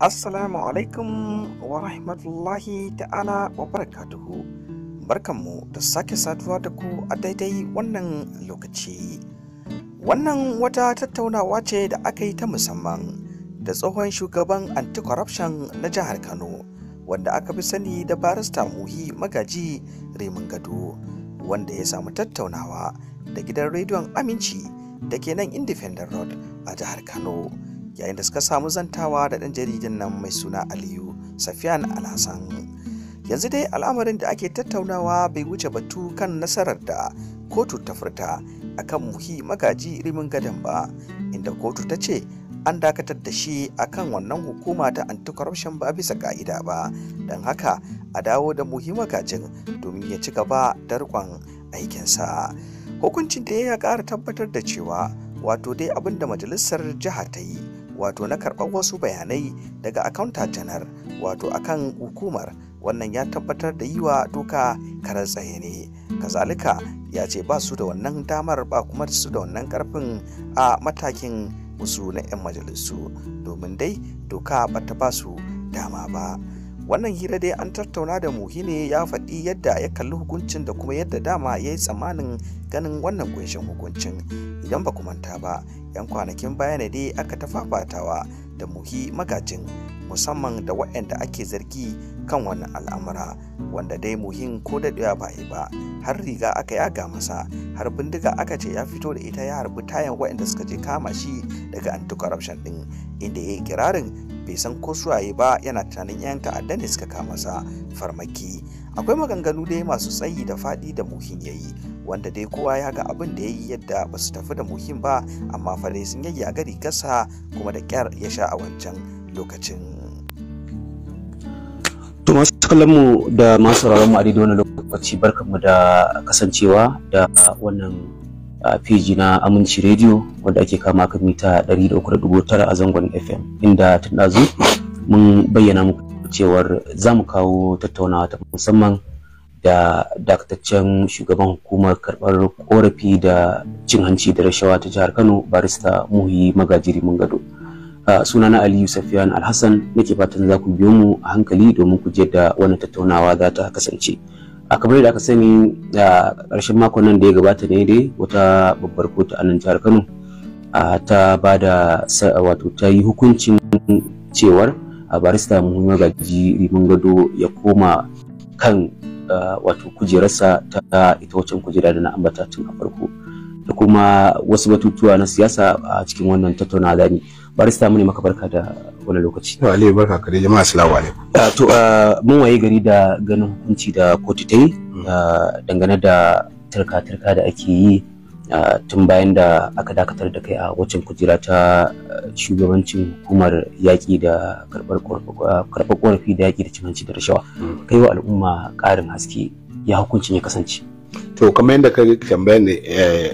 Assalamu alaikum wa rahmatullahi ta'ala wa barakatuhu. Barkanmu da sake saduwa da ku a daidai wannan lokaci. Wannan wata tattaunawa ce da aka yi ta musamman da tsohon shugaban anti-corruption na jihar Kano, wanda aka fi sani da barista muhi magaji Remin Gado, wanda ya samu tattaunawa da gidan rediyon Aminci da ke nan Independent Road a jihar Kano. yayin da suka samu zantawa da ɗan jaridan nan mai suna aliyu safiyan alhassan yanzu dai al'amarin da ake tattaunawa bai wuce batu kan nasarar da kotu ta furta a kan muhi magaji rimin gadon ba inda kotu ta ce an dakatar da shi a kan wannan hukuma ta anti-corruption ba bisa ka'ida ba don haka a dawo da muhi magajin domin ya ci gaba da rikon aikinsa hukuncin da ya ƙara tabbatar da cewa wato dai abin da majalisar jiha ta yi wato na karɓar wasu bayanai daga akaunta janar wato akan hukumar wannan ya tabbatar da yi wa doka karar tsaye ne kazalika ya ce ba su da wannan damar ba kuma su da wannan karfin a matakin wasu na 'yan majalisu domin dai doka ba ta ba su dama ba wannan hira dai an tattauna da ne ya faɗi yadda ya kalli hukuncin da kuma yadda dama ya yi tsammanin ganin wannan kunshin hukuncin idan ba ku manta ba 'yan kwanakin baya ne dai aka ta fafatawa da muhi magajin musamman da waɗanda ake zargi kan wani al'amura wanda dai muhin ko da daɗewa ba yi ba har riga aka yaga masa har bindiga aka ce ya fito da ita ya harbi tayan waɗanda suka je kama shi daga anti corruption ɗin inda ya yi kirarin bai san ko suwaye ba yana tunanin yanka ta'adda ne suka kama sa farmaki akwai maganganu dai masu tsayi da faɗi da muhin ya wanda dai kowa ya ga abin da yayi yadda basu tafi da muhin ba amma fare sun a gari kasa kuma da kyar ya sha a wancan lokacin to masu kallonmu da masu sauraron mu a daidai wannan lokaci barkanmu da kasancewa da wannan a fiji na aminci rediyo wanda ake kama kan mita 300.9 a zangon fm inda tun ɗazu mun bayyana muku cewar za mu kawo tattaunawa ta musamman da dakataccen shugaban hukumar karɓar korafi da cin hanci da rashawa ta jihar kano barista muhi magajiri mun gado sunana aliyu safiyan alhassan nake fatan za ku biyo mu a hankali domin ku je da wannan tattaunawa za ta kasance a kamar da aka sani a ƙarshen makon nan da ya gabata ne dai wata babbar kotu a nan jihar kano ta ba da wato ta yi hukuncin cewar a barista muhimmin gaji rimin gado ya koma kan ah, wato kujerarsa ta ita wacan kujera da na ambata tun a farko da kuma wasu batutuwa na siyasa a cikin wannan tattauna zani barista mu ne maka barka da wani lokaci to alai barka ka dai jama'a assalamu alaikum ah, to ah, mun waye gari da ganin hukunci da kotu ta yi mm. dangane da turka turka da ake yi tun bayan da aka dakatar da kai a waccan kujera ta eh, shugabancin hukumar yaƙi da eh, karɓar ƙorafi da yaƙi da cin da rashawa hmm. kai wa al'umma ƙarin haske ya hukuncin ya kasance to kamar yadda ka tambayar ne eh,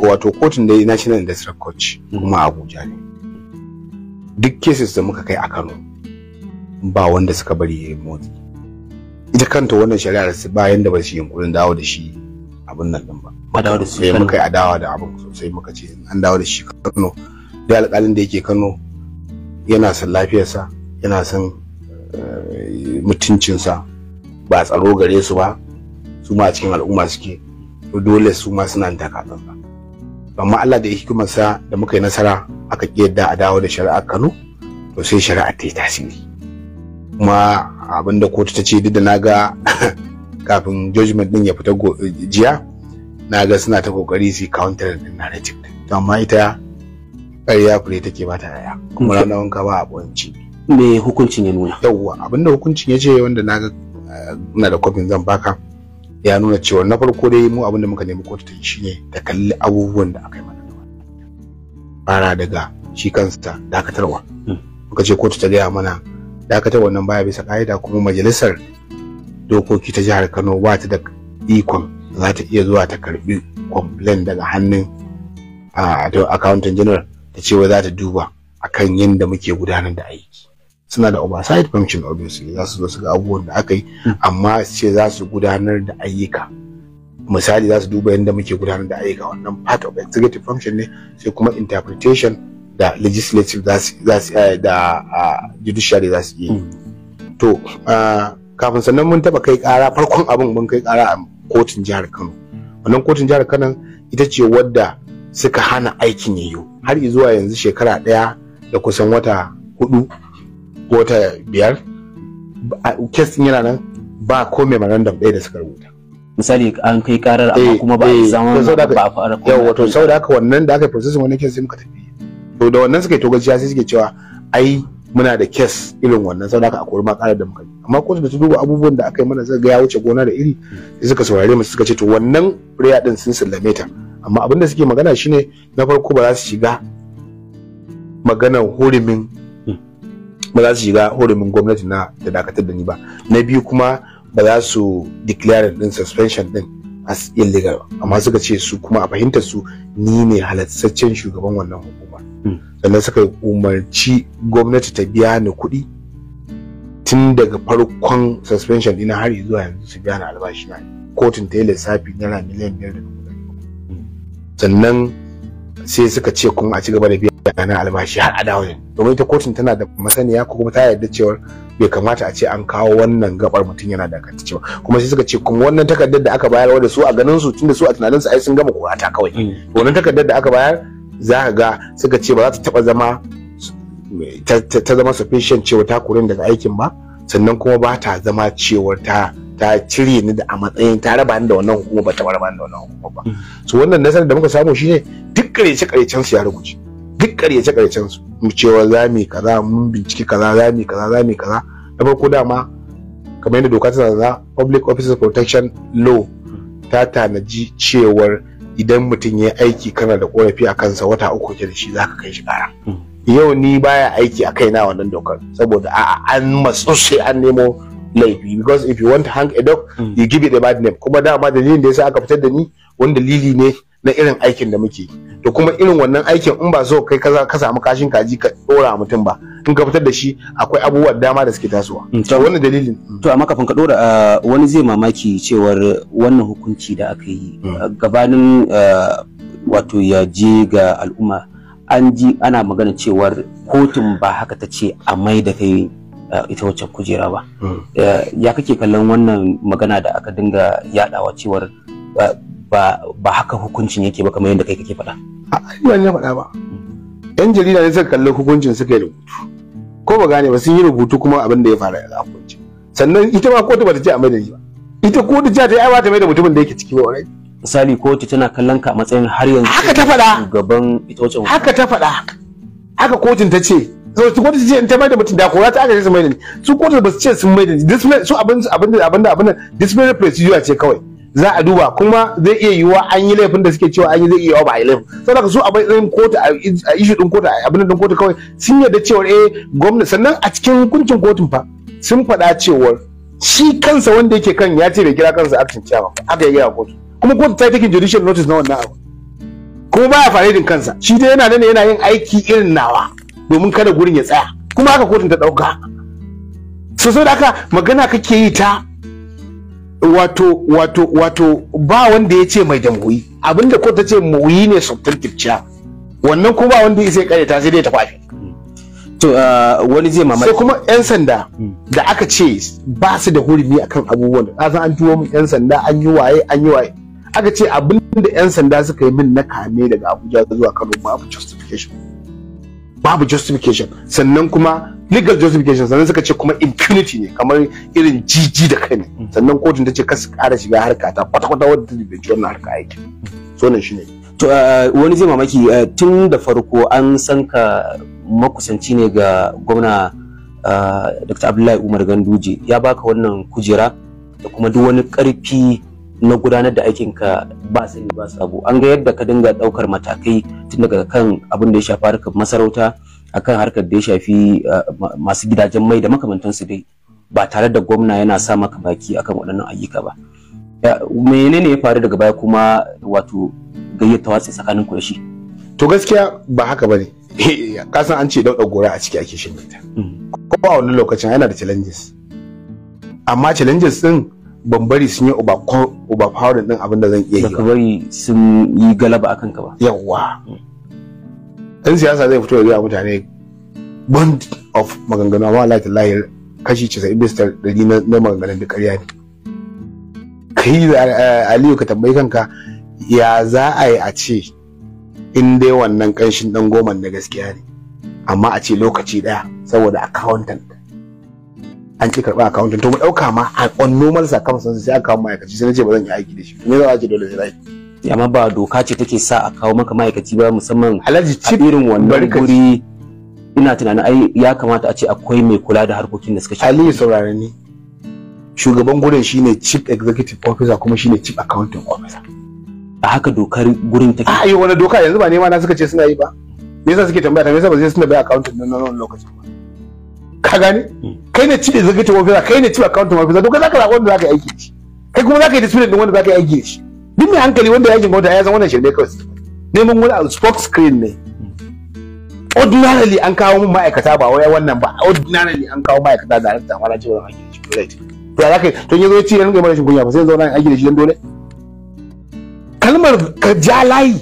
wato kotun dai national industrial court hmm. kuma abuja ne duk cases da muka kai a kano ba wanda suka bari ya yi motsi ita kanta wannan shari'ar bayan da ba su yi yunkurin dawo da shi abin nan din ba muka dawo da shi eh, muka yi adawa da abin sosai muka ce an dawo da shi Kano da alƙalin da yake Kano yana son lafiyarsa yana son eh, mutuncinsa ba tsaro gare su ba su ma a cikin al'umma suke dole su ma suna da kasan ba amma Allah da hikimarsa da muka yi nasara aka yadda a dawo da shari'a Kano to sai shari'a ta yi tasiri kuma abinda kotu ta ce duk da na ga kafin judgment din ya fita jiya na ga suna ta kokari su counter din narrative din amma ita ƙarya fure take ba ta yaya kuma ranar wanka ba a ɓanci me hukuncin ya nuna yawwa abinda hukuncin ya ce wanda na ga na da kofin zan baka ya nuna cewa na farko dai mu abinda muka nemi kotu ta yi shine ta kalli abubuwan da aka yi mana fara daga shi kansa dakatarwa hmm. muka ce kotu ta gaya mana dakatarwa nan baya bisa ka'ida kuma majalisar dokoki ta jihar kano ba ta da ikon za ta iya zuwa ta karbi complain daga hannun a to accountant general ta ce wai za ta duba akan yanda muke gudanar da aiki suna da oversight function obviously za su zo su ga abubuwan da aka yi amma ce za su gudanar da ayyuka misali za su duba yadda muke gudanar da ayyuka wannan part of executive function ne sai kuma interpretation da legislative za su eh, da judiciary za su yi hmm. to kafin sannan mun taba kai kara farkon abin mun kai kara kotun jihar Kano wannan kotun jihar Kano ita ce wadda suka hana aikin yayo har zuwa yanzu shekara ɗaya da kusan wata hudu ko wata biyar kes yana nan ba ko memorandum ɗaya da suka rubuta misali an kai karar amma eh, kuma ba a zama eh, ba a fara kuma wato saboda haka wannan da aka yi processing wannan kes sai muka tafi to da wannan suka yi to gaskiya sai suke cewa ai muna da kes irin wannan sau da aka akwai da muka amma kotu da ta duba abubuwan da aka yi mana zai gaya wuce gona da iri sai suka saurare mu suka ce to wannan prayer din sun sallame ta amma abin da suke magana shine na farko ba za su shiga maganar hurumin ba za su shiga hurumin gwamnati na da dakatar da ni ba na biyu kuma ba za su declare din suspension din as illegal amma suka ce su kuma a fahimtar su ni ne halartaccen shugaban wannan hukuma sannan suka umarci gwamnati ta biya ni kuɗi tun daga farkon suspension dina har zuwa yanzu su biya ni albashi na kotun ta yi lissafi naira miliyan biyar da sannan sai suka ce kuma a ci gaba da biya na albashi har a dawo domin ita kotun tana da masaniya ko kuma ta yarda cewa bai kamata a ce an kawo wannan gabar mutum yana da kanta cewa kuma sai suka ce kuma wannan takardar da aka bayar wadda su a ganin su tunda su a tunanin su ai sun gama kurata kawai mm. wannan takardar da aka bayar za ka ga suka ce ba za ta taba zama ta zama sufficient cewa ta kurin daga aikin ba sannan kuma ba ta zama cewar ta ta cire ni da a matsayin ta raba ni da wannan hukuma ba ta raba ni da wannan hukuma ba so wannan nasarar da muka samu shine duk karyace karyacen su ya rubuce duk karyace karyacen su mu cewa za mu kaza mun bincike kaza za mu kaza za mu kaza na farko dama kamar yadda doka ta zaza public officers protection law ta tanaji cewar idan mutum ya aiki kana da korafi a kansa wata uku ke da shi zaka kai shi kara hmm. yau ni baya aiki a kaina wannan dokar saboda a'a an matsu sai an nemo laifi because if you want to hang a dog hmm. you give it a bad name kuma dama dalilin da yasa aka fitar da ni wani dalili ne na irin aikin da muke to kuma irin wannan aikin in ba so kai ka samu kashin kaji ka dora mutum ba kun ka fitar da shi akwai abubuwa dama da suke tasowa mm, to wannan dalilin to amma kafin ka dora uh, wani zai mamaki cewar wannan hukunci da aka yi mm. uh, gabanin uh, wato ya je ga al'umma an ji ana magana cewar kotun ba haka ta ce a mai da kai ita wacce kujera ba mm. ya kake kallon wannan magana da aka dinga yadawa cewar ba haka hukuncin yake ba kamar yadda kai kake faɗa. A ne faɗa ba. 'Yan jarida ne suka kalli hukuncin suka yi rubutu. ko ba gane ba sun yi rubutu kuma abin da ya faru a hukunci sannan ita ma kotu ba ta ce a mai da ba ita kotu ta ta yi ba ta mai da mutumin da yake ciki ba wani misali kotu tana kallon ka a matsayin har yanzu haka ta faɗa gaban ita wacce haka ta faɗa haka kotun ta ce sau su kotu ce in ta mai da mutum da kora ta aka ce su mai da ni su kotu ba su ce sun mai da ni abin da abin da abin da disciplinary procedure ce kawai za a duba kuma zai iya yiwuwa an yi laifin da suke cewa an yi zai iya ba a yi laifin saboda su a bayan kotu a ishi din kotu a abin din kotu kawai sun yarda cewa eh gwamnati sannan a cikin hukuncin kotun fa sun faɗa cewa shi kansa wanda yake kan ya ce bai kira kansa acting chairman aka yi gaya kotu kuma kotu ta take judicial notice na wannan abu kuma baya din kansa shi dai yana nan yana yin aiki irin nawa domin kada gurin ya tsaya kuma haka kotun ta ɗauka so saboda haka magana kake yi ta wato wato wato ba wanda ya ce mai jamhuri abinda ko ta ce muyi ne substantive chair wannan ko ba wanda sai kare ta sai dai ta kwafi to uh, wani zai mamaki sai kuma yan sanda hmm. da aka ce ba su da hurumi akan abubuwan a zan an tuwo min yan sanda an yi waye an yi waye aka ce abinda yan sanda suka yi min na kame daga Abuja zuwa Kano ba justification babu justification sannan kuma legal justification sannan suka ce kuma impunity ne kamar irin jiji da kai ne mm. sannan kotun ta ce kar su kara shiga harka ta kwata-kwata wadda ta bai wannan harka aiki so nan shine to uh, wani zai mamaki uh, tun da farko an san ka makusanci ne ga gwamna uh, dr abdullahi umar ganduje ya baka wannan kujera da kuma duk wani karfi na gudanar da aikinka ba sani ba abu an ga yadda ka dinga daukar matakai tun daga kan abin da ya shafi harkar masarauta akan harkar da ya shafi masu gidajen mai da makamantansu dai ba tare da gwamna yana sa maka baki akan waɗannan ayyuka ba menene ya faru daga baya kuma wato gayyata watsi tsakanin ku da shi to gaskiya ba haka bane kasan an ce dauɗa gora a ciki ake ta. Mm. ko a wannan lokacin yana da challenges amma challenges din ban bari sun yi power din abin da zan iya yi ba bari sun yi galaba akan ka ba yawa hmm. dan siyasa zai fito da mutane bond of maganganu amma Allah ta lahir kashi 90 bisa ɗari na maganganun da ƙarya ne kai eh, aliyu ka tambayi kanka ya za a yi a ce in dai wannan ƙanshin ɗan goma na gaskiya ne amma a ce lokaci ɗaya saboda accountant an ki karɓa akawuntin to mu ɗauka ma a on normal circumstances sai aka kawo ma'aikaci sai na ce ba zan yi aiki da shi me za a ce dole sai yi amma ba doka ce take sa a kawo maka ma'aikaci ba musamman alhaji cip irin wannan guri ina tunanin ai ya kamata a ce akwai mai kula da harkokin da suka shi aliyu saurare ni shugaban gurin shine chief executive officer kuma shine chief accounting officer a haka dokar gurin take a yi wani doka yanzu ba nema na suka ce suna yi ba me yasa suke tambaya ta me yasa ba zai suna bai accounting nan nan lokacin ba ka gane mm. kai ne chief executive officer kai ne chief accounting officer to kai zaka zaɓi wanda zaka aiki shi kai kuma zaka yi discipline din wanda zaka aiki shi duk mai hankali wanda ya shiga wata ya zan wannan shirme kawai neman wani spoke screen ne mm. ordinarily an kawo mun ma'aikata ba wai wannan ba ordinarily an kawo ma'aikata da halitta ma na ce aiki shi right to ya to yanzu ya ce kunya ba sai da shi dan dole kalmar ka ja layi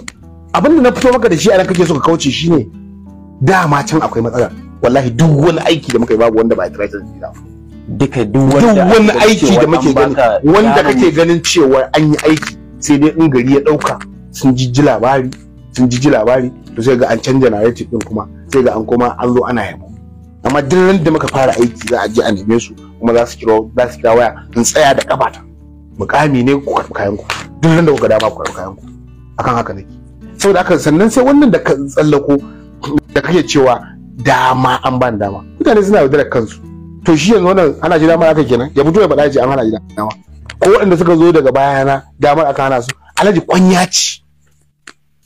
abinda na fito maka da shi a nan kake so ka kauce shine dama can akwai matsalar wallahi duk wani aiki da muka yi babu wanda ba ya kira shi duka duk wani aiki da muke gani wanda kake ganin cewa an yi aiki sai dai in gari ya dauka sun jijji labari sun jijji labari to sai ga an canja narrative din kuma sai ga an koma an zo ana yabo amma duk ran da muka fara aiki za a je a neme su kuma za su kira za su kira waya in tsaya da kafata mukami ne ku karɓi kayan ku duk ran da kuka dama ku karɓi kayan ku akan haka nake saboda haka sannan sai wannan da ka tsallako da kake cewa dama an ban dama mutane suna da dare kansu to shi yanzu wannan ana ji dama aka kenan ya fito ya faɗa ce an hana ji dama ko waɗanda suka zo daga bayana damar aka hana su alhaji kwanya ci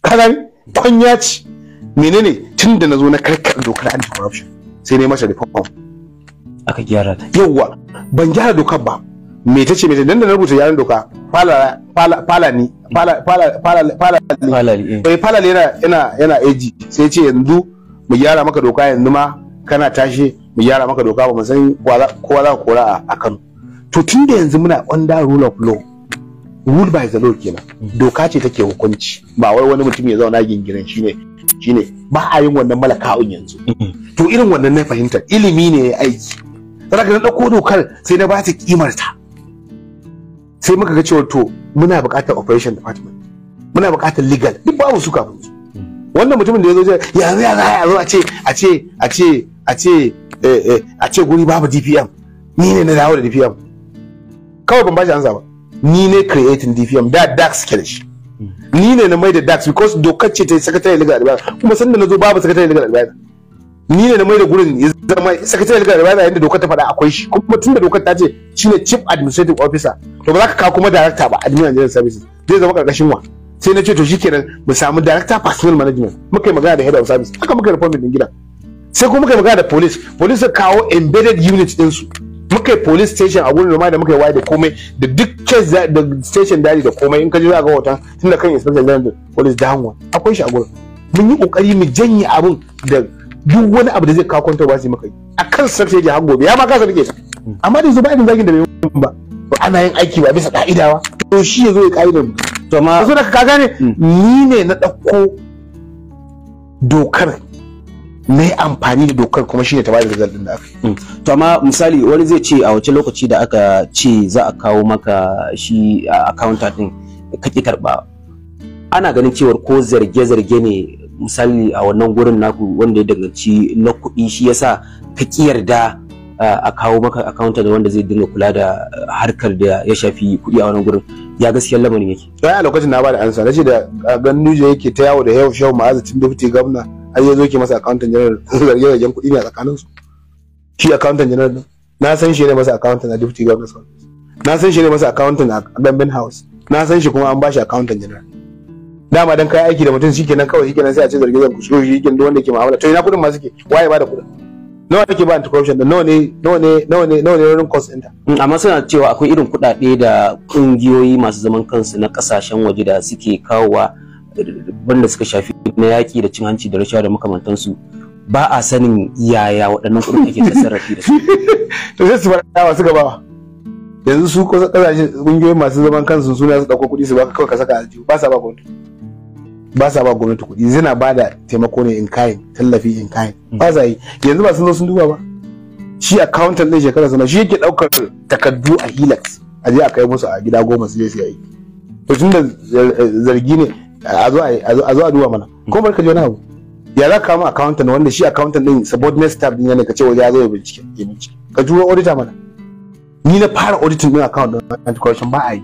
kanan kwanya ci menene tun da na na karkar dokar anti corruption sai ne masa reform aka gyara ta yawwa ban gyara dokar ba me tace me dan da na rubuta yaran doka fala fala fala ni fala fala fala fala fala eh. Eh, yana yana yana AG sai ce yanzu mu gyara maka doka yanzu ma kana tashi mu gyara maka doka ba mu san kowa za kora a Kano to tun da yanzu muna under rule of law rule by the law kenan doka ce take hukunci ba wai wani mutum ya zauna gingirin shine shine ba a yin wannan malaka'un yanzu mm-hmm. to irin wannan na fahimta ilimi ne ya aiki sai na dauko dokar sai na ba ta kimar ta sai muka ga cewa to muna buƙatar operation department muna buƙatar legal duk babu su kafin su wannan mutumin da ya zo yanzu ya za a zo a ce a ce a ce a ce eh, eh, a ce guri babu dpm ni ne na dawo da dpm kawai ban bashi ansa ba ni ne creating dpm da dax ke da shi ni ne na mai da dax because dokar ce ta yi secretary da advisor kuma sanda na zo babu secretary da advisor ni ne na mai da gurin ya zama secretary legal advisor yadda dokar ta faɗa akwai shi kuma tun da dokar ta ce shine chief administrative officer to ba za ka kawo kuma director ba admin and general services zai zama karkashin wa sai na ce to shikenan mu samu director personnel management muka yi magana da head of service aka muka reforming din gida sai kuma muka yi magana da police police suka kawo embedded unit din su muka yi police station a gurin da muka yi waye da komai da duk case da station dari da komai in ka ji za ga hoton tunda kan inspector general police da hanwa akwai shi a gurin mun yi kokari mu janye abun da duk wani abu da zai kawo kwantar su muka yi a kan sarfe ya gobe ya ma kasa rike ta amma da zuba irin zakin da bai ba ana yin aiki ba bisa ka'ida ba to shi ya zo ya ka'idar mu to so da mm. ni ne na ɗauko dokar na amfani da dokar kuma shi ne ta bada result din da aka mm. to amma misali wani zai ce a wace lokaci da aka ce za a kawo maka shi a accountant din ki karba ana ganin cewar ko zarge-zarge ne misali a wannan gurin naku wanda ya danganci na kuɗi shi yasa ka ki yarda a kawo maka da wanda zai dinga kula da uh, harkar da ya shafi kuɗi a wannan gurin ya gaskiyar lamarin yake sai a lokacin na bada ansa nace da nuje yake ta yawo da yau shehu ma'azacin deputy gwamna, har ya zo ke masa account general zarge zargen kuɗi ne a tsakanin su shi account general din na san shi ne masa accountant na deputy governor na san shi ne masa accountant a Gambin House na san shi kuma an ba shi accountant general dama dan kai aiki da mutum shikenan kawai shikenan sai a ce zarge zargen kuɗi shikenan duk wanda ke ma'amala. to ina kuɗin ma suke waye ba da kuɗin nawa ake ba anti-corruption da nawa ne nawa ne nawa ne nawa ne wurin cost center mm, amma suna cewa akwai irin kuɗaɗe da ƙungiyoyi masu zaman kansu na ƙasashen waje da suke kawowa banda suka shafi na yaƙi da cin hanci da rashawa da makamantansu ba a sanin yaya waɗannan kuɗin ake sarrafi da su to sai su faɗa masu gabawa. yanzu su ƙasashe ƙungiyoyi masu zaman kansu suna su ɗauko kuɗi su ba kawai ka saka aljihu ba sa ba gwamnati ba sa ba gwamnati kuɗi zina ba da taimako ne in kayan tallafi in kayan ba sa yi yanzu ba sun zo sun duba ba shi accountant ɗin shekara sana shi yake ɗaukar takardu a hilux a je a kai musu a gida goma su je su yi to tun da zargi ne a zo a duba mana ko barka ji wani abu ya za ka kama accountant wanda shi accountant ɗin subordinate staff ɗin yana ka ce waje ya zo ya bincike ka turo auditor mana ni na fara auditing ɗin account ɗin anti-corruption ba a yi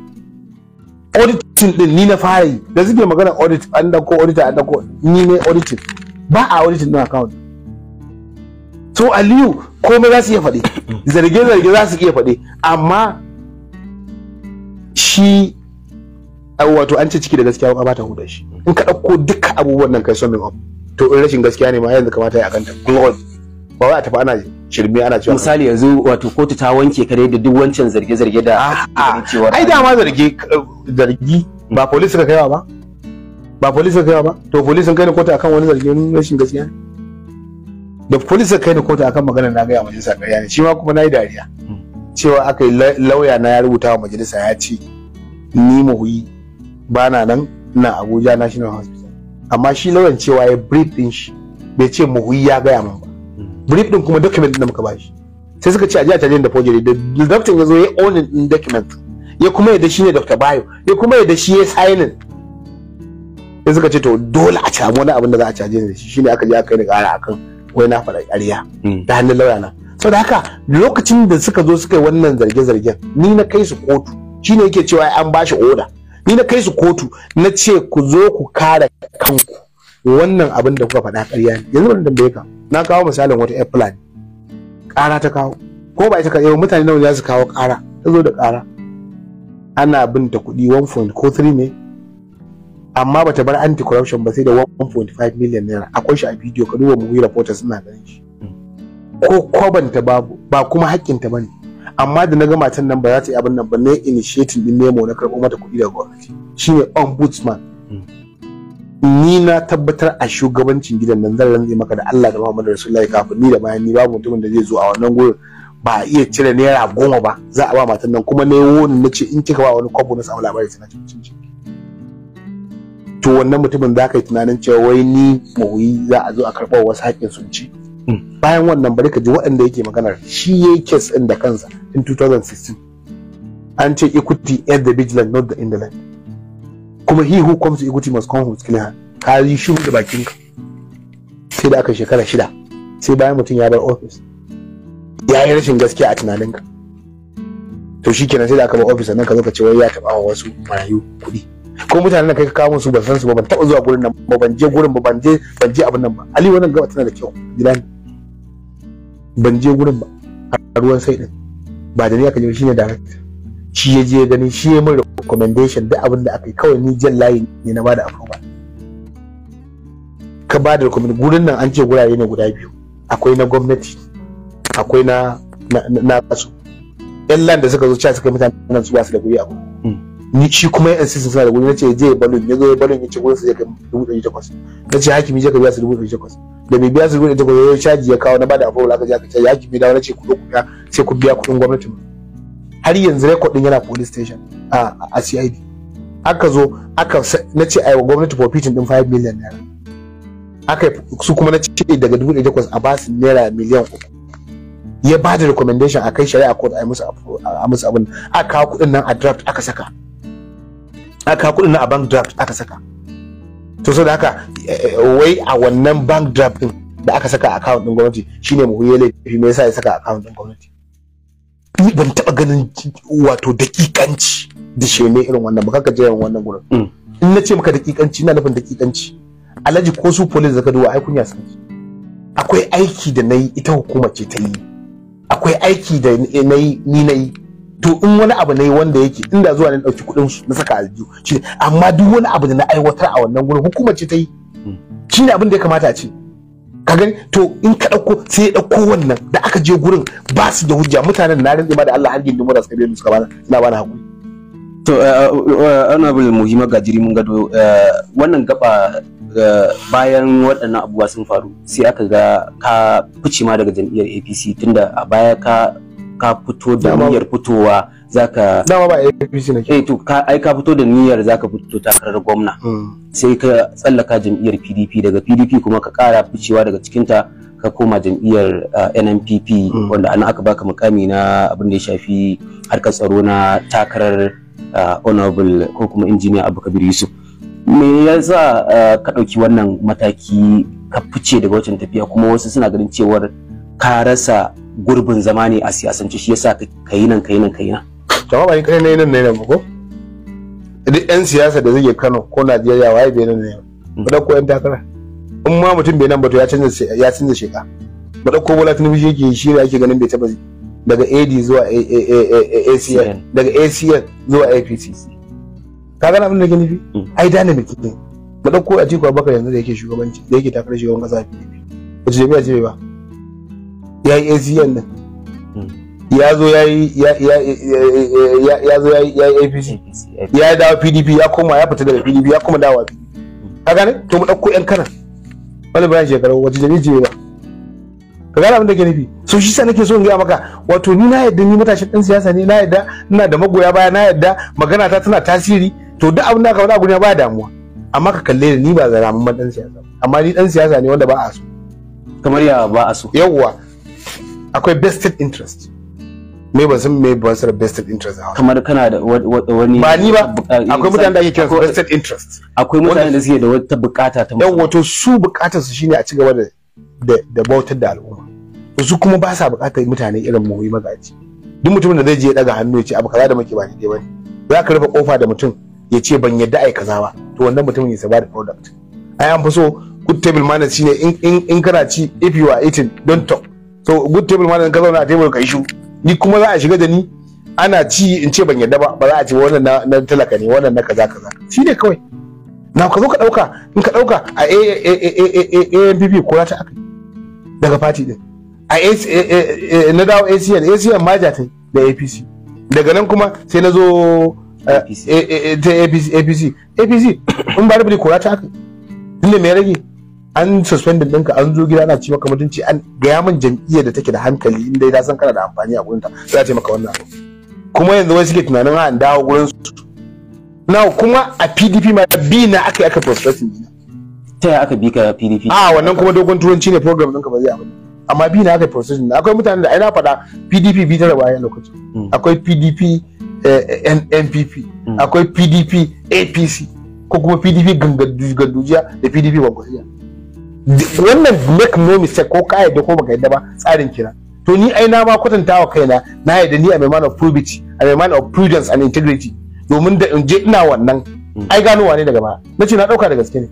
auditing din ni na fara yi da suke magana audit an ko auditor an ko ni ne auditing ba a auditing din account so aliyu komai za su iya faɗi zarge-zarge za su iya faɗi amma shi wato an ce ciki da gaskiya ba ta huda shi in ka ɗauko duka abubuwan nan kai son to in rashin gaskiya ne ma yanzu kamata ya akanta ba wai a tafi ana shirme ana cewa misali yanzu wato kotu ta wanke ka da duk wancan zarge-zarge da ai dama zarge zargi ba police suka kaiwa ba ba police suka kaiwa ba to police sun kai ni kotu akan wani zargin rashin gaskiya da police suka kai ni kotu akan magana na gaya majalisa ƙarya ne shi ma kuma na yi dariya cewa aka yi lauya na ya rubuta wa majalisa ya ce ni mahuyi ba na nan na abuja national hospital amma shi lauyan cewa ya brief din shi bai ce mahuyi ya gaya min ba brief din kuma document da muka bashi sai suka ce a jiya tajin da forgery da doctor ya zo ya own din document ya kuma yadda shi ne dr bayo ya kuma yadda shi ya signing sai suka ce to dole a camu wani abin da za a caje da shi shine aka je aka yi gara akan wai na faɗa ƙarya da hmm. hannun lauya na da haka lokacin da suka zo suka yi wannan zarge-zargen ni na kai su kotu shine yake cewa an bashi oda ni na kai su kotu na ce ku zo ku kare kanku wannan abin da kuka faɗa ƙarya yanzu ban tambaye ka na kawo misalin wata yar fulani ƙara ta kawo ko ba ita ka yau mutane nawa za su kawo ƙara ta zo da ƙara ana bin ta kuɗi 1.3 ne amma bata bar anti corruption ba sai da 1.5 million naira akwai shi a bidiyo ka duba movie reporters suna ganin shi ko kobanta babu ba kuma ta bane amma da na ga matan nan ba za ta yi abin nan ba ne initiating din nemo na karɓo mata kuɗi daga gwamnati shine ombudsman ni na tabbatar a shugabancin gidan nan zan rantsi maka da Allah da Muhammadu Rasulullahi kafin ni da bayan ni babu mutumin da zai zo a wannan gurin ba a iya cire naira goma ba za a ba matan nan kuma na yi na ce in kika ba wani kwabo na samu labari tana cin cin to wannan mutumin za ka yi tunanin cewa wai ni mawuyi za a zo a karɓar wasu haƙƙin sun ci hmm. bayan wannan bari ka ji waɗanda yake maganar shi ya yi kes ɗin da kansa in 2016 an ce equity at the vigilant not the indolent kuma he who comes to equity must come with clear hand ka yi shiru da bakinka sai da aka shekara shida sai bayan mutum ya bar office ya yi rashin gaskiya a tunaninka to shi kenan sai da aka bar office sannan ka zo ka ce wai ya taɓa wa wasu marayu kuɗi ko mutanen da kai ka kawo musu ba san su ba ban taɓa zuwa gurin nan ba ban je gurin ba ban je ban je abin nan ba ali wannan gaba tana da kyau gidan ban je gurin ba a ruwan sai din ba da ni aka je shine direct shi ya je gani shi ya min recommendation da abin da aka yi kawai ni jan layi ne na bada approval ka ba da recommendation gurin nan an ce gurare ne guda biyu akwai na gwamnati akwai na na kasu yan land da suka zo cewa suka nan su ba su da guri a hmm. ni shi kuma ya insist suna da guri nace je balon ya zo balon ya ce gurin su je ka dubu ɗari takwas nace hakimi je ka biya su dubu ɗari takwas da bai biya su dubu ɗari takwas ya caji ya kawo na bada approval aka je aka caji hakimi dawo nace ku zo ku biya sai ku biya kuɗin gwamnatin har yanzu record din yana police station a CID aka zo aka na ce aiwa gwamnati forfeiting din 5 million naira aka su kuma na ce daga 2008 a basu naira miliyan uku ya ba da recommendation a kai shari'a court a musu abin aka kawo kudin nan a draft aka saka aka kawo kudin nan a bank draft aka saka to so da haka eh, eh, wai a wannan bank draft din da aka saka account din gwamnati shine mu huye laifi me yasa ya saka account din gwamnati ban taba ganin wato dakikanci da ne irin wannan ba kaka wannan gurin mm. in na ce maka dakikanci ina nufin dakikanci alhaji ko su police zaka duwa ai kunya sun akwai aiki da nayi ita hukuma ce ta yi akwai aiki da nayi ni nayi to in wani abu nayi wanda yake inda zuwa na dauki kudin su na saka aljihu amma duk wani abu da na aiwatar a wannan gurin hukuma ce ta yi mm. shine abin da ya kamata a ce ka gani to in ka ɗauko sai ya ɗauko wannan da aka je gurin ba su da hujja mutanen na rantsi ma da Allah har gindin mura suka biyo suka bana suna bana hakuri to eh, eh, eh, honorable muhimma gajiri mun gado wannan gaba bayan waɗannan abubuwa sun faru sai aka ga ka fice ma daga jam'iyyar APC tunda a baya ka ka fito da niyyar fitowa zaka dama ba APC nake eh to ka ai ka fito da niyyar zaka fito takarar gwamna hmm. sai ka tsallaka jam'iyyar PDP daga PDP kuma ka kara ficewa daga cikin ta ka koma jam'iyyar uh, NNPP hmm. wanda ana aka baka mukami na abin da ya shafi harkar tsaro na takarar uh, honorable ko kuma injiniya Abu Kabir Yusuf me yasa uh, ka ɗauki wannan mataki ka fice daga wancan tafiya kuma wasu suna ganin cewar ka rasa gurbin zama ne a siyasance shi yasa ka yi nan ka yi nan ka yi nan to ba yi kai ne nan ne nan ko duk yan siyasa da zai Kano ko Najeriya waye bai nan ne ba ko yan takara in ma mutum bai nan ba to ya canza sheka ba da ko bola tunubi yake shi ne ake ganin bai taba daga AD zuwa ACN daga ACN zuwa APC ka gana abin da ke nufi mm. ai dynamic ne ba da ko a tiku Abubakar yanzu da yake shugabanci da yake takarar shugaban kasa PDP ba ce bai ba ya yi acn nan hmm. ya zo ya yi ya zo ya yi apc ya yi dawa pdp ya koma ya fita daga pdp ya koma dawa pdp ka gane to mu ɗauko yan kanan wani bayan shekaru wace jami'in ce ba ka gane abin da ke nufi so shi sa nake so in gaya maka wato ni na yadda ni matashin ɗan siyasa ne na yadda ina da magoya baya na yadda magana ta tana tasiri to duk abin da aka faɗa ba baya damuwa amma ka kalle ni ba zaramin ɗan siyasa amma ni ɗan siyasa ne wanda ba a so kamar ya ba a so yawwa akwai vested interest me ba san me ba su vested interest a kamar kana da wani ba ni ba akwai eh, mutane da ake kira vested interest akwai mutane da suke da wata bukata ta musamman wato su bukatar su shine a ci gaba da da bautar da al'umma su kuma ba sa bukatar mutane irin mu yi magaji duk mutumin da zai je ya daga hannu ya ce abu kaza da muke ba dai bane za ka rufe kofa da mutum ya ce ban yadda ai kaza ba to wannan mutumin ya saba da product ai an fi so good table manners shine in in kana ci if you are eating don't talk so good table ma da ka zauna a table ka ishu ni kuma za a shiga da ni ana ci in ce ban yadda ba ba za a ce wannan na, talaka ne wannan na kaza kaza shi ne kawai na ka zo ka dauka in ka dauka a ANPP ko ta aka daga party din a na dawo ACN ACN ma ja tai da APC daga nan kuma sai na zo APC APC APC in ba rubuta ko ta aka tunda me rage an suspended ɗinka an zo gida ana ci maka mutunci an gaya min jam'iyyar da take da hankali in dai na san kana da amfani a ta za ta maka wannan abu kuma yanzu wai suke tunanin an dawo gurin su na kuma a PDP ma bi na aka yi aka prospecting ne. ta ya aka bi ka PDP a wannan kuma dogon turanci ne program ɗinka ba zai abu amma bi na aka yi prospecting akwai mutanen da ai na faɗa PDP bi ta bayan lokaci hmm. akwai PDP NPP eh, eh, hmm. akwai PDP APC ko kuma PDP gangadujiya da PDP gwagwasiya wannan make no mistake ko ka yadda ko baka yadda ba tsarin kira to ni ai na ma kwatanta wa kaina na yadda ni a mai man of probity a mai of prudence and integrity domin da in je ina wannan ai gano ne daga baya na ce na dauka da gaske ne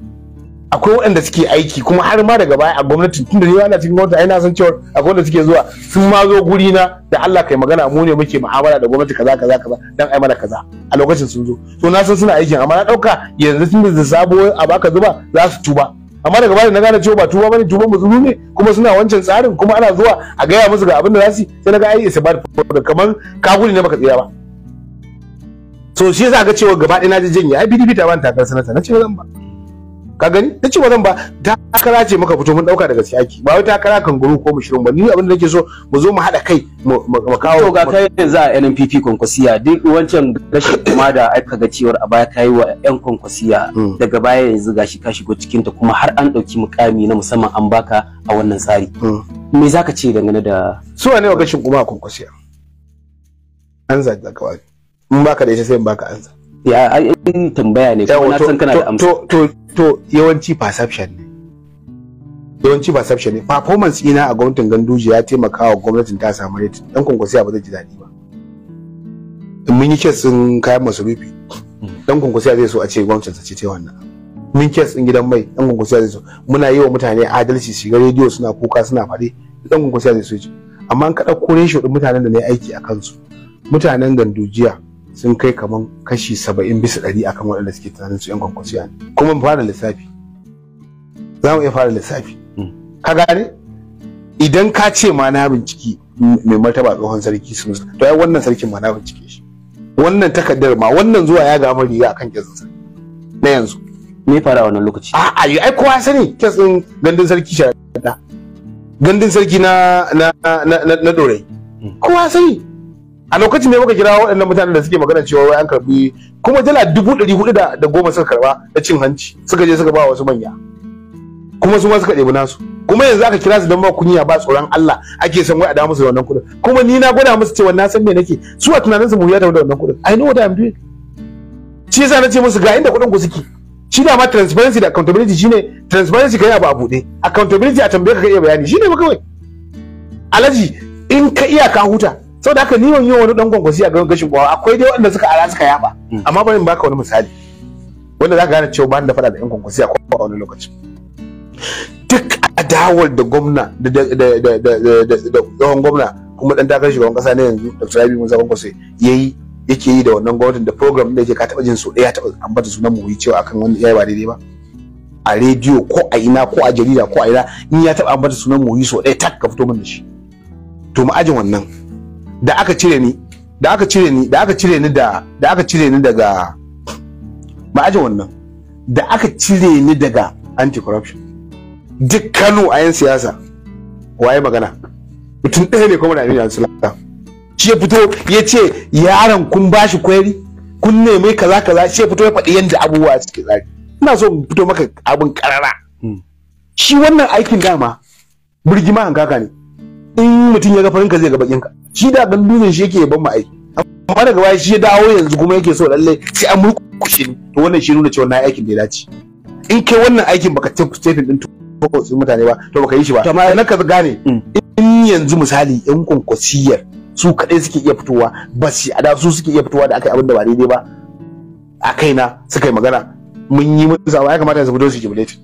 akwai waɗanda suke aiki kuma har ma daga baya a gwamnati tun da ni ana cikin gwamnati ai na san cewa akwai waɗanda suke zuwa sun ma zo guri na da Allah kai magana mu ne muke mu'amala da gwamnati kaza kaza kaza dan ai mana kaza a lokacin sun zo to na san suna aikin amma na dauka yanzu tun da sabo a baka zuba za su tuba amma daga bayan na gane cewa ba tuba bane tuba muzuru ne kuma suna wancan tsarin kuma ana zuwa a gaya musu ga abin da za su sai naga ai da kamar gudu ne baka tsira ba so shi yasa ga cewa gaba ɗaya na ji janye ai bidibi ta ban takar sanata na ce zan ba ka gani ta ce ba ba takara ce maka fito mun dauka daga siyaki ba wai takara kan guru ko mushirin ba ni abin da nake so mu zo mu hada kai mu kawo ga kai yanzu a NNPP konkwasiya duk wancan rashin kuma da aka ga cewar a baya kai wa yan konkwasiya hmm. daga baya yanzu gashi ka shigo cikin ta kuma har an dauki mukami na musamman an baka a wannan tsari hmm. me zaka ce dangane da su ne wa gashin kuma a konkwasiya an zaga in baka da ita sai in baka ansa ya in tambaya ne kuma na san kana da amsa to to to yawanci perception ne yawanci perception ne performance ina a gwamnatin Ganduje ya taimaka wa gwamnatin ta samu rate dan kunkusiya ba zai ji daɗi ba in mun yi kes din kayan rufi dan kunkusiya zai so a ce gwamnatin ta ce ta wannan mun kes din gidan mai dan kunkusiya zai so muna yi wa mutane adalci shiga rediyo suna kuka suna fadi. dan kunkusiya zai so amma an kada ko ratio din mutanen da na yi aiki a kansu mutanen Gandujiya sun kai kaman kashi saba'in bisa ɗari akan waɗanda suke tunanin su 'yan kwankwasu ne kuma mu fara lissafi za mu iya fara lissafi hmm. ka gane idan ka ce ma na binciki mai martaba tsohon sarki su to ai wannan sarkin ma na bincike shi wannan takardar ma wannan zuwa ya gama riga akan kesin sarki na yanzu me fara wannan lokaci a a ai kowa sani kesin gandun sarki sharaɗa gandun sarki na na na, na, na dorai hmm. kowa sani a lokacin ne muka kira waɗannan mutanen da suke magana cewa wai an karbi kuma dala dubu ɗari hudu da goma suka karba da cin hanci suka je suka ba wasu manya kuma su ma suka ɗebi nasu kuma yanzu aka kira su don ba kunya ba tsoron Allah ake son wai a da musu wannan kuɗin kuma ni na gwada musu cewa na san me nake su a tunanin su mu ya da wannan kuɗin i know what i'm doing shi yasa ce musu ga inda kuɗin ku suke shi da ma transparency da accountability shine transparency kai abu a bude? accountability a tambaye ka kai bayani shine ba kawai alaji in ka iya ka huta sau da haka ni wani wani dan gwangwasi a gaban gashin kwawa akwai dai waɗanda suka ara suka yaba hmm. amma bari in baka wani misali wanda za ka gane cewa ban da faɗa da yan gwangwasi a kwawa wani lokaci duk adawar da gwamna da yawan gwamna kuma dan takarar shugaban kasa ne yanzu dr rabi musa gwangwasi ya yi yake yi da wannan gwamnatin da program da yake ka taɓa jin so ɗaya taɓa ambata sunan mu cewa akan wani yayi ba daidai ba a rediyo ko a ina ko a jarida ko a ina in ya taɓa ambata sunan mu so daya tak ka fito min da shi to mu ajin wannan da aka cire ni da aka cire ni da aka cire ni da da aka cire ni daga ba aje wannan da aka cire ni daga anti corruption duk Kano a yan siyasa waye magana mutum ɗaya ne kuma da Aminu Abdullahi shi ya fito ya ce yaron kun bashi kwari kun neme kaza kaza shi ya fito ya faɗi yadda abubuwa suke tsari ina so fito maka abin karara hmm. shi wannan aikin dama birgima hankaka ne in mutum ya ga farinka zai ga bakinka shi da dan dutsen shi yake yaban mu amma daga baya shi ya dawo yanzu kuma yake so lalle sai an murkushe ni to wannan shi nuna cewa na aikin da ya dace in kai wannan aikin baka tafi tafin din tokotsin mutane ba to baka yi shi ba sannan ka gane mm. in yanzu misali in kwankwasiyar su kadai suke iya fitowa ba su ada su suke iya fitowa da akai abin da ba daidai ba a kaina suka yi magana mun yi musu ya kamata su fito su jubilate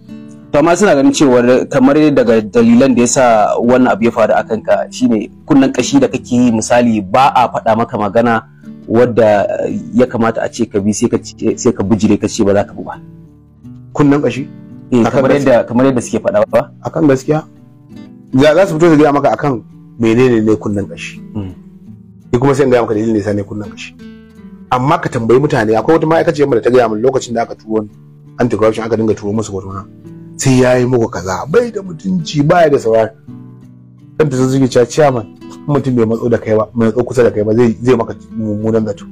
to amma suna ganin cewa kamar daga dalilan da yasa wannan abu ya faru a kanka shine kunnan kashi da kake yi misali ba a faɗa maka magana wadda ya kamata a ce ka bi sai ka ka bijire ka ce ba za ka bi ba kunnan kashi eh, kamar yadda kamar yadda suke faɗa ba akan gaskiya za za su fito su gaya maka akan menene ne kunnan kashi hmm. ni kuma sai in gaya maka dalilin da yasa ne kunnan kashi amma ka tambayi mutane akwai wata ma'aikaciyar da ta gaya min lokacin da aka tuwo anti corruption aka dinga tuwo musu gwamnati sai ya yi muku kaza bai da mutunci ba ya da saurari kanta sun suke cewa ciyaman mutum bai matso da kai ba mai matso kusa da kai ba zai maka mummunan zato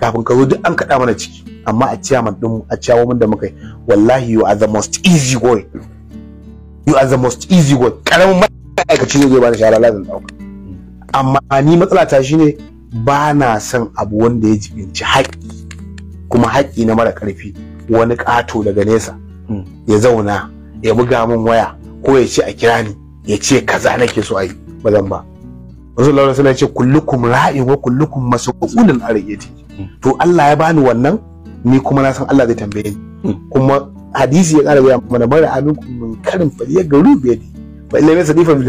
kafin ka zo duk an kaɗa mana ciki amma a ciyaman ɗin a ciyawomin da muka yi wallahi you are the most easy boy you are the most easy boy karamin ma'aikaci ne zai bani shahara lazin ɗauka amma ni matsala ta shine ba na son abu wanda ya jibinci haƙƙi kuma haƙƙi na mara ƙarfi wani ƙato daga nesa ya zauna ya buga min waya ko ya ce a kira ni ya ce kaza nake so a yi ba zan ba wasu lauran suna ce kullukum ra'in wa kullukum mas'ulun an rage to Allah ya bani wannan ni kuma na san Allah zai tambaye ni kuma hadisi ya kara gaya mana mara aminkum min karin fadiyar garu ne fa illa mai sadifa bi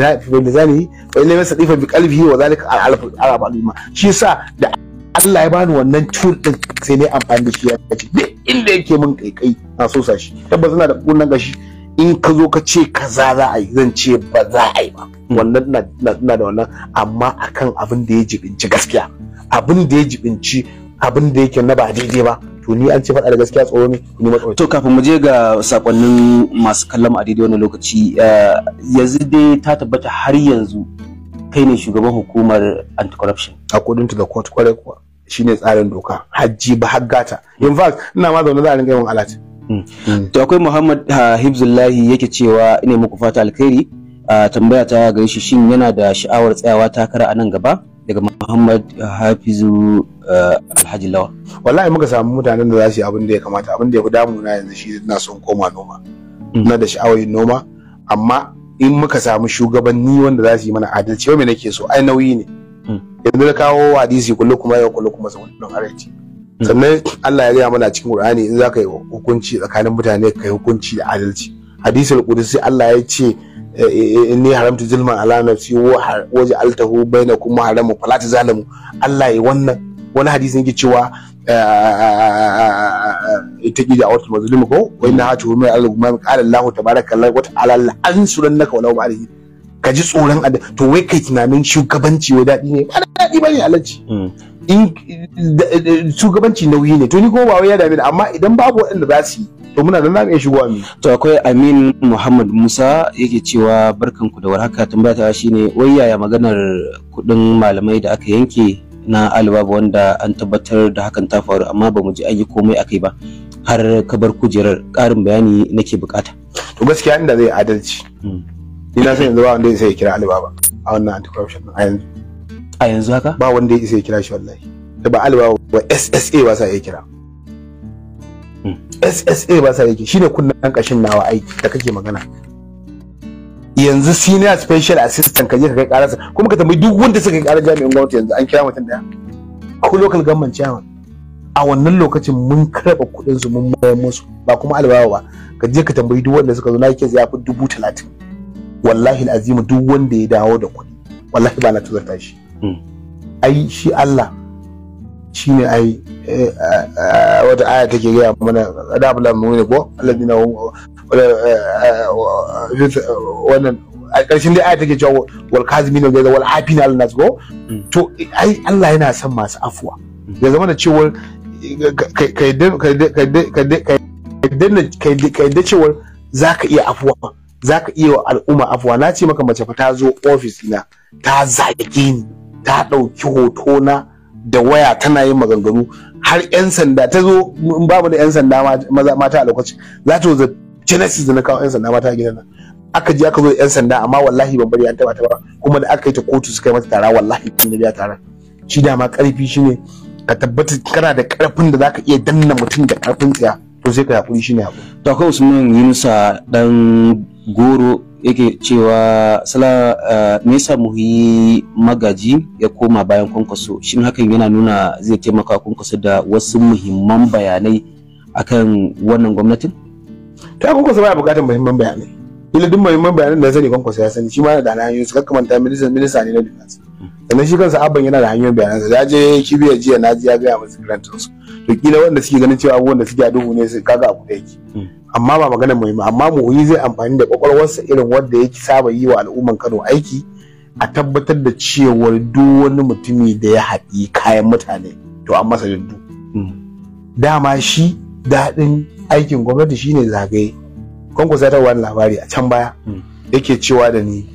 zani fa illa mai sadifa bi qalbihi wa zalika al-arab al-ima shi yasa da Allah ya bani wannan tool din sai ne amfani da shi ya ce duk inda yake min kaikai na so sa shi tabbas ina da kunnan gashi in ka zo ka ce kaza za a yi zan ce ba za a yi ba hmm. wannan na da wannan amma akan abin da ya jibinci gaskiya abin da ya jibinci abin da yake na ba daidai ba to ni an ce faɗa da gaskiya tsoro ne ni matsoro to kafin mu je ga sakonnin masu kallon a daidai wannan lokaci eh, yanzu dai ta tabbata har yanzu kai ne shugaban hukumar anti-corruption according to the court kwarai kuwa shine tsarin doka hajji ba haggata in fact ina ma zaune za a ringa yawan alat Mm. Mm. to akwai muhammad hibzullahi yake cewa ina muku fata alkhairi tambaya ta gare shi shin yana da sha'awar tsayawa takara a nan gaba daga muhammad hafizu alhaji lawa wallahi muka samu mutanen da za su yi abin da ya kamata abin da ya fi damu na yanzu shi na son koma noma mm. na da sha'awar yin noma amma in muka samu shugabanni wanda za su yi mana adalci yau me nake so ai nauyi ne yanzu da kawo hadisi kullu kuma yau kullu kuma sabon don arewa sannan Allah ya gaya mana cikin Qur'ani in zaka yi hukunci tsakanin mutane kai hukunci da adalci hadisul qudsi Allah ya ce eh, eh, eh, inni haramtu zulman ala nafsi wa baina bainakum haramun fala tazalimu Allah ya wannan wani hadisi yake cewa ittaqi gida awtul mazlum ko wa inna hatu min al-gumam qala Allah Allah wa ta'ala an suran naka walau ba'dahi ka ji tsoron to wai kai tunanin shugabanci wai dadi ne ba dadi bane alaji hmm. shugabanci nauyi ne to ni kuma ba wai ya dame amma idan babu waɗanda za su yi to muna da zamu iya shigo mu to akwai Amin Muhammad Musa yake cewa barkanku da warhaka tambaya ta shine wai yaya maganar kuɗin malamai da aka yanke na alibaba wanda an tabbatar da hakan ta faru amma ba mu ji an yi komai akai ba har ka bar kujerar ƙarin bayani nake bukata to gaskiya inda zai adalci hmm. ina san yanzu ba wanda zai kira alibaba a wannan anti-corruption a yanzu a yanzu haka ba wanda ya isa ya kira shi wallahi da ba alwa wa SSA ba sa ya kira hmm. SSA ba sa kira shine kunnan kashin nawa aiki da kake magana yanzu senior special assistant ka je ka kai karasa kuma ka tambayi duk wanda suka kai karar jami'in gwamnati yanzu an kira mutum daya ko local government chairman a wannan lokacin mun karba kuɗin su mun mayar musu ba kuma albawa ba ka je ka tambayi duk wanda suka zo na kesa ya fi dubu talatin wallahi al'azimu duk wanda ya dawo da kuɗi wallahi ba na tuzarta shi Mm. ai shi Allah shi ne ai eh, eh, wata aya take gaya mana da abu lamu ne ko alladina eh, wannan a ƙarshen dai aya take cewa wal kazimin da wal hafina al nas go mm. to ai Allah yana son masu afuwa ya zama da cewa ka yadda cewar za ka iya afuwa za ka iya wa al'umma afuwa na ce maka mace fa ta zo ofis na ta zage ni ta ɗauki hotona da waya tana yin maganganu har 'yan sanda ta zo in babu da 'yan sanda mata a lokacin za ta zo genesis da na kawo 'yan sanda mata a gidan aka je aka zo 'yan sanda amma wallahi ban bari an taba ta ba kuma da aka yi ta kotu suka yi mata tara wallahi kun da biya tara shi da ma karfi shine ka tabbata kana da karfin da zaka iya danna mutum da karfin tsaya to sai ka hakuri shine hakuri to akwai usman yunusa dan goro yake cewa sala eh, me yasa mu yi magaji ya koma bayan kwankwaso shin hakan yana nuna zai taimaka kwankwaso da wasu muhimman bayanai akan wannan gwamnatin to ya kwankwaso baya bukatar muhimman bayanai ila duk muhimman bayanan da sani kwankwaso ya sani shi ma da hanyoyin su kakkamanta ministan minista ne na defense sannan shi kansa abban yana da hanyoyin bayanan sa ya je kibiyar jiya na ji ya gaya masu kirantar su to kila wanda suke ganin cewa abubuwan da suke a duhu ne su kaga abu yake hmm. amma ba magana mai amma mu yi zai amfani da kwakwalwarsa irin wanda yake saba yi wa al'umman Kano aiki a tabbatar da cewar duk wani mutumi da ya haɗi kayan mutane to an masa jaddu hmm. dama shi daɗin aikin gwamnati shine zagaye ku ta wani labari a can baya hmm. yake cewa da ni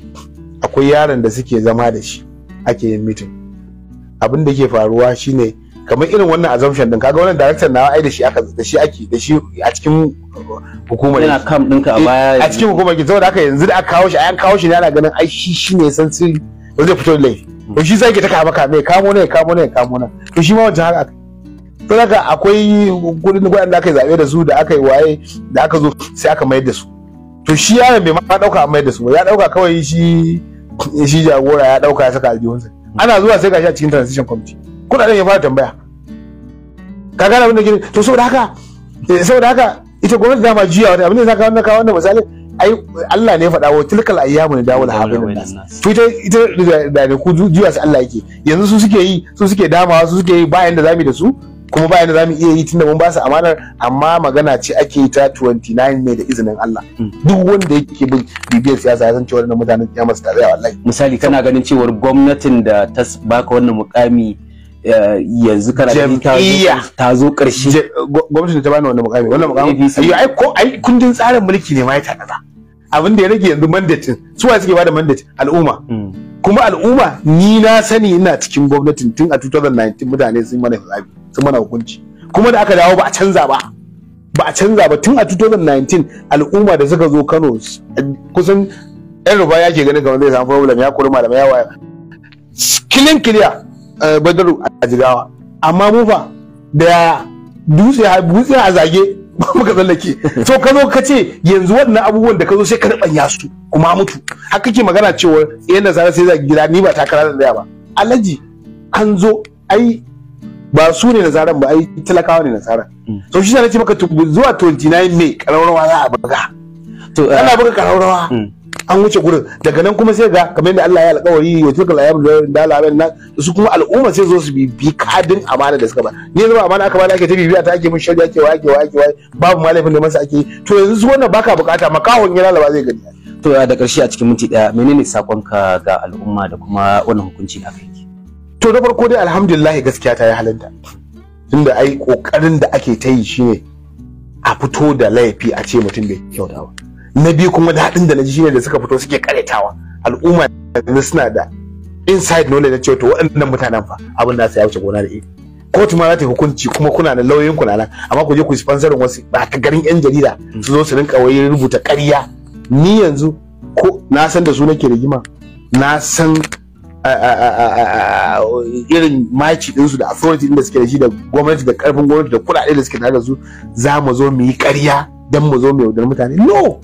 akwai yaron da suke zama da shi ake yin mitin abin da ke faruwa shine kamar irin wannan assumption din kaga wannan director na ai da shi aka da shi ake da shi a cikin hukumar yana kam dinka a eh, baya a cikin hukumar ki saboda haka yanzu da aka kawo shi an kawo shi ne ana ganin ai shi shine san sirri ba zai fito da laifi to shi sai ki ta kama kame kamo ne kamo ne kamo ne to shi ma wancan haka aka to daga akwai gurin gudan da aka yi zabe da su da aka yi waye da aka zo sai aka mayar da su to shi yaron bai ma dauka mayar da su ya dauka kawai shi shi jagora ya dauka ya saka aljihunsa ana zuwa sai gashi a cikin transition committee kudaden ya fara tambaya ka gane abin da ke to saboda haka eh, saboda haka ita gwamnati dama jiya wani abin da zaka wannan kawo wannan misali ai Allah ne ya faɗa wa tilkal ayyamu ne dawul habibin nas to ita ita da da ku jiya su Allah yake yanzu su suke yi su suke damawa su suke yi bayan da zamu da su kuma ba yanda zamu iya yi tunda mun ba su amanar amma magana ce ake ta 29 ne da izinin Allah hmm. duk wanda yake bin bibiyar siyasa ya san cewa wannan mutanen kiyama su tare wallahi misali kana ganin cewar gwamnatin da ta baka wannan mukami Eh, yanzu kana jam'iyya ta zo ƙarshe gwamnatin ta bani wannan mukami wannan mukami ai ko ai kundin tsarin mulki ne ma ya tanada abin da ya rage yanzu mandatin su wa suke bada mandatin al'umma hmm. kuma al'umma ni na sani ina cikin gwamnatin tun a 2019 mutane sun mana hisabi sun mana hukunci kuma da aka dawo ba a canza ba ba a canza ba tun a 2019 al'umma da suka zo Kano kusan yan ruba ke ganin kamar zai samu problem ya kuri malamai ya waya kilin kiliya Eh, badaru a jigawa amma mu fa da dutse dutse a zage ka tsallake so ka zo ka ce yanzu wannan abubuwan da ka zo sai ka ya su kuma mutu haka ke magana cewa yanda sara sai zage gida ni ba takara da daya ba alaji an zo ai ba su ne nazaran ba ai talakawa ne nazaran. Mm. So, shi na ce maka zuwa 29 May karawarwa za a buga to eh, ana buga karawarwa mm. an wuce gurin daga nan kuma sai ga kamar yadda Allah ya alƙawari wa tuka la ayyam da Allah nan su kuma al'umma sai zo su bi bi kadin amana da suka ba ni zuwa amana aka bani ake ta bibiya ta ake mun shari'a ake wa ake wa ake wa babu malafin da masa ake to yanzu wannan baka bukata makahon ya lalaba zai gani to da ƙarshe a cikin minti ɗaya menene sakonka ga al'umma da kuma wannan hukunci da aka yi to na farko dai alhamdulillah gaskiya ta yi halinta tunda ai kokarin da ake ta yi shine a fito da laifi a ce mutum bai kyautawa na biyu kuma daɗin da na ji shine da suka fito suke karetawa al'umma yanzu suna da inside knowledge na cewa to waɗannan mutanen fa abin da ya wuce gona da iri kotu ma za ta hukunci kuma kuna da lauyoyin ku nan amma ku je ku sponsorin wasu ba ta garin yan jarida su zo su rinka wai rubuta ƙarya ni yanzu ko na san da su nake rigima na san irin maci ɗinsu da authority ɗin da suke da shi da gwamnati da ƙarfin gwamnati da kuɗaɗe da suke tare da su za mu zo mu yi ƙarya don mu zo mu yaudar mutane no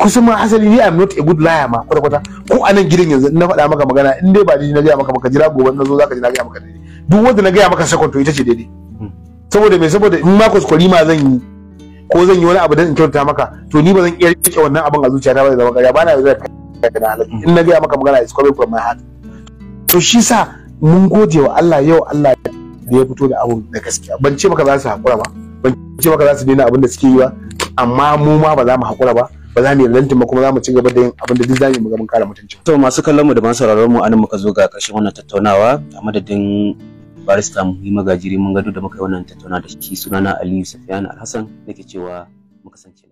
kusan ma asali ni am not a good liar ma kwata kwata ko a nan gidan yanzu na faɗa maka magana in dai ba ni na gaya maka ka jira gobe na zo zaka ji na gaya maka dai duk wanda na gaya maka second to ita ce daidai hmm. saboda me saboda in ma kuskure ma zan yi ko zan yi wani abu dan in kyauta maka to ni ba zan iya rike wannan abin a zuciyata ba da zama ƙarya ba na yanzu da halin hmm. in na gaya maka magana is coming from my heart to shi sa mun gode wa Allah yau Allah da ya fito da abu da gaskiya ban ce maka za su haƙura ba ban ce maka za su daina abin da suke yi ba amma mu ma ba za mu hakura ba ba za mu yarda ba kuma za mu ci gaba da yin abin da duk zamu mu gaban kare mutunci to masu kallon mu da masu sauraron mu anan muka zo ga ƙarshen wannan tattaunawa a madadin barista muhimmi gajiri mun gado da muka yi wannan tattauna da shi sunana Aliyu Safiyan Alhassan nake cewa muka cewa.